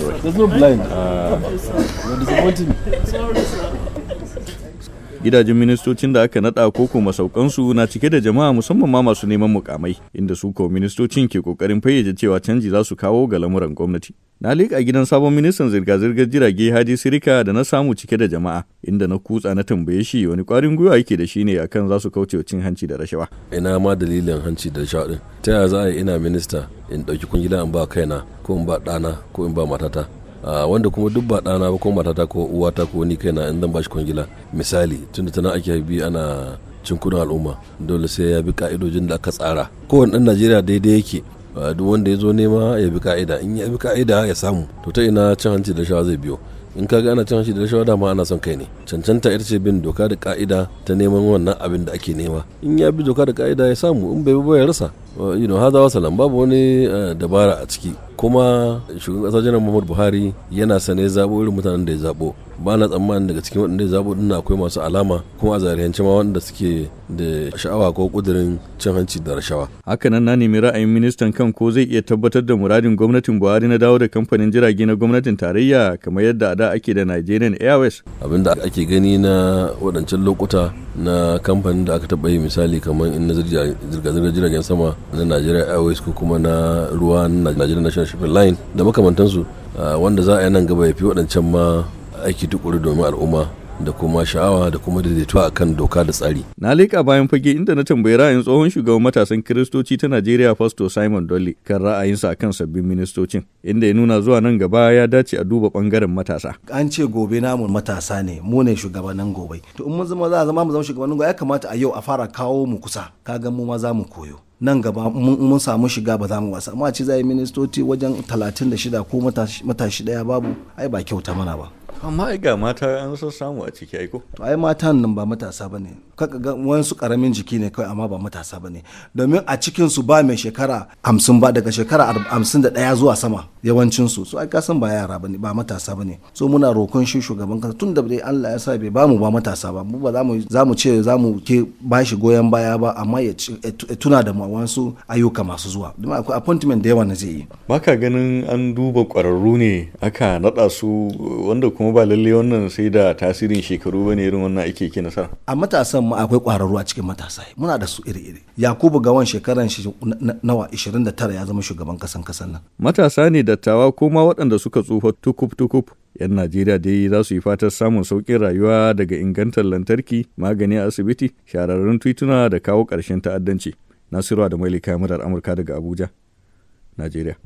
There's no blind. Uh, you're disappointing me. Gidajen ministocin da aka naɗa koko su na cike da jama'a musamman ma masu neman mukamai, inda su ko ministocin ke kokarin fayyace cewa canji za su kawo ga lamuran gwamnati. Na leƙa gidan sabon ministan zirga-zirgar jirage Hadi Sirika da na samu cike da jama'a, inda na kutsa na tambaye shi wani ƙwarin gwiwa yake da shi ne akan za su kauce cin hanci da rashawa. Ina ma dalilin hanci da rashawa din Ta yaya za a yi ina minista in ɗauki kungila in ba kaina ko in ba ɗana ko in ba matata. Ah, wanda kuma duk ba ɗana ba ko matata ko uwata ko ni kaina in zan bashi kwangila misali tunda tana ake bi ana cinkunan al'umma dole sai ya bi ka'idojin da aka tsara kowane ɗan najeriya daidai yake ah, duk wanda ya zo nema ya bi ka'ida in ya bi ka'ida ya samu to ta ina cin hanci da shawa zai biyo in kaga ana cin hanci da rashawa dama ana son kai ne cancanta ita ce bin doka da ka'ida ta neman wannan abin da ake nema in ya bi doka da ka'ida ya samu in bai ba ya rasa you know haza wasalam babu wani eh, dabara a ciki kuma shugaban kasa janar muhammadu buhari yana sane zabo irin mutanen da ya zabo ba na tsammanin daga cikin waɗanda ya zabo dinna akwai masu alama kuma a zariyance ma waɗanda suke da sha'awa ko kudirin cin hanci da rashawa hakanan na nemi ra'ayin ministan kan ko zai iya tabbatar da muradin gwamnatin buhari na dawo da kamfanin jirage na gwamnatin tarayya kamar yadda a da ake da nigerian airways abinda ake gani na waɗancan lokuta na kamfanin da aka taɓa yi misali kamar in na zirga-zirgar jiragen sama na nigeria airways ko kuma na ruwa na nigeria national shipping line da makamantansu ah, wanda za a yi nan gaba ya fi waɗancan ma aiki tukuru domin al'umma da kuma sha'awa da kuma daidaituwa akan doka da tsari. Na leƙa bayan fage inda na tambayi ra'ayin tsohon shugaban matasan Kiristoci ta Najeriya Fasto Simon Dolly kan ra'ayinsa akan sabbin ministocin inda ya nuna zuwa nan gaba ya dace a duba bangaren matasa. An ce gobe namu matasa ne mu ne shugabannin gobe. To in mun zama za a zama mu zama shugabannin gobe ya kamata a yau a fara kawo mu kusa kaga mu ma za mu koyo. nan gaba mun samu shiga ba za mu wasa amma ce zai ministoci wajen 36 ko matashi daya babu ai ba kyauta mana ba amma ai ga mata an san samu a ciki aiko to ai matan nan ba matasa bane kaka ga wasu karamin jiki ne kawai amma ba matasa bane domin a cikin su ba mai shekara 50 ba daga shekara 51 zuwa sama yawancin su ai san ba yara bane ba matasa bane so muna rokon shi shugaban kasa tun da dai Allah ya sa bai bamu ba matasa ba mu ba zamu mu ce zamu ke bashi goyon baya ba amma ya tuna da mu wasu ayyuka masu zuwa don akwai appointment da yawa na zai yi baka ganin an duba kwararru ne aka nada su wanda kuma ba lalle wannan sai da tasirin shekaru bane irin wannan ake ke nasara a matasan ma akwai kwararru a cikin matasa muna da su iri-iri yakubu gawan shekaran shi nawa 29 ya zama shugaban kasan kasan nan matasa ne dattawa ko ma waɗanda suka tsufa tukub-tukub. 'Yan Najeriya dai za su yi fatar samun sauƙin rayuwa daga ingantar lantarki, magani a asibiti, shahararrun tituna da kawo ƙarshen ta'addanci. Nasiru da Mailika Murar Amurka daga Abuja, Najeriya.